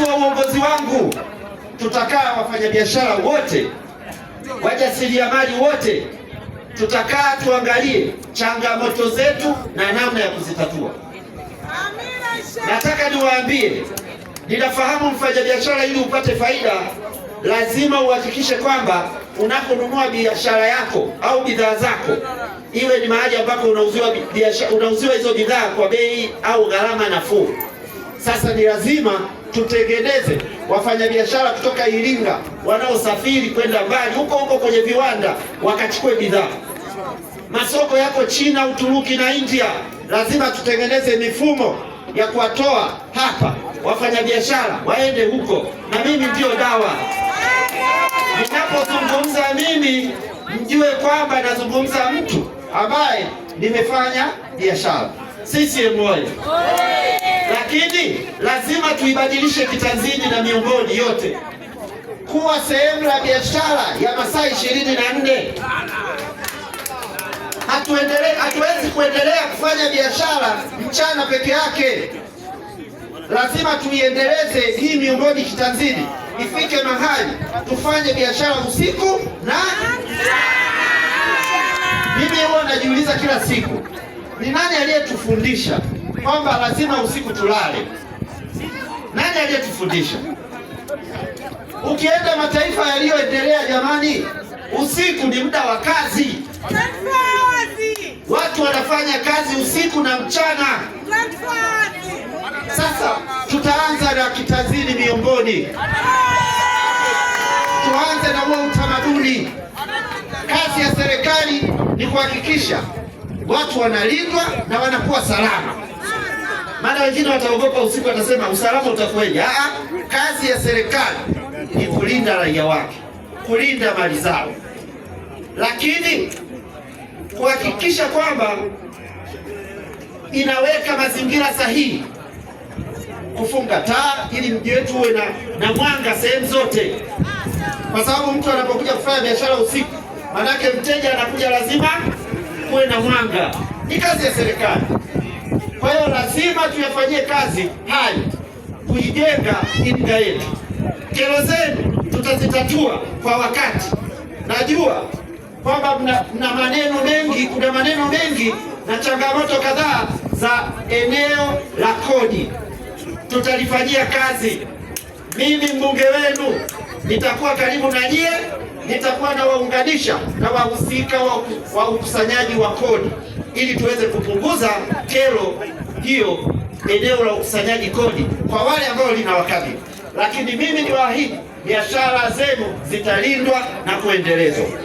wakati wa uongozi wangu tutakaa wafanyabiashara wote, wajasiriamali wote, tutakaa tuangalie changamoto zetu na namna ya kuzitatua. Nataka niwaambie, ninafahamu mfanyabiashara, ili upate faida lazima uhakikishe kwamba unaponunua biashara yako au bidhaa zako, iwe ni mahali ambapo unauziwa biashara, unauziwa hizo bidhaa kwa bei au gharama nafuu. Sasa ni lazima tutengeneze wafanyabiashara kutoka Iringa wanaosafiri kwenda mbali huko huko kwenye viwanda wakachukue bidhaa. Masoko yako China, Uturuki na India. Lazima tutengeneze mifumo ya kuwatoa hapa wafanyabiashara waende huko, na mimi ndiyo dawa. Ninapozungumza mimi, mjue kwamba nazungumza mtu ambaye nimefanya biashara. CCM oyee! lakini lazima tuibadilishe kitanzini na miongoni yote kuwa sehemu ya biashara ya masaa ishirini na nne. Hatuwezi kuendelea kufanya biashara mchana peke yake, lazima tuiendeleze hii miongoni kitanzini, ifike mahali tufanye biashara usiku na mimi huwa najiuliza kila siku, ni nani aliyetufundisha kwamba lazima usiku tulale. Nani aliyetufundisha? Ukienda mataifa yaliyoendelea, jamani, usiku ni muda wa kazi. Watu wanafanya kazi usiku na mchana. Sasa tutaanza na kitazini miongoni, tuanze na huo utamaduni. Kazi ya serikali ni kuhakikisha watu wanalindwa na wanakuwa salama. Maana wengine wataogopa usiku, watasema usalama utakuwaje? Ah, kazi ya serikali ni kulinda raia wake, kulinda mali zao, lakini kuhakikisha kwamba inaweka mazingira sahihi, kufunga taa ili mji wetu uwe na, na mwanga sehemu zote, kwa sababu mtu anapokuja kufanya biashara usiku, manake mteja anakuja lazima kuwe na mwanga. Ni kazi ya serikali lazima tuyafanyie kazi hayo kuijenga Imga yetu. Kero zenu tutazitatua kwa wakati. Najua kwamba mna, mna maneno mengi, kuna maneno mengi na changamoto kadhaa za eneo la kodi, tutalifanyia kazi. Mimi mbunge wenu nitakuwa karibu na nyie, nitakuwa nawaunganisha na wahusika wa ukusanyaji wa kodi ili tuweze kupunguza kero hiyo, eneo la ukusanyaji kodi kwa wale ambao linawakabili. Lakini mimi niwaahidi biashara zenu zitalindwa na kuendelezwa.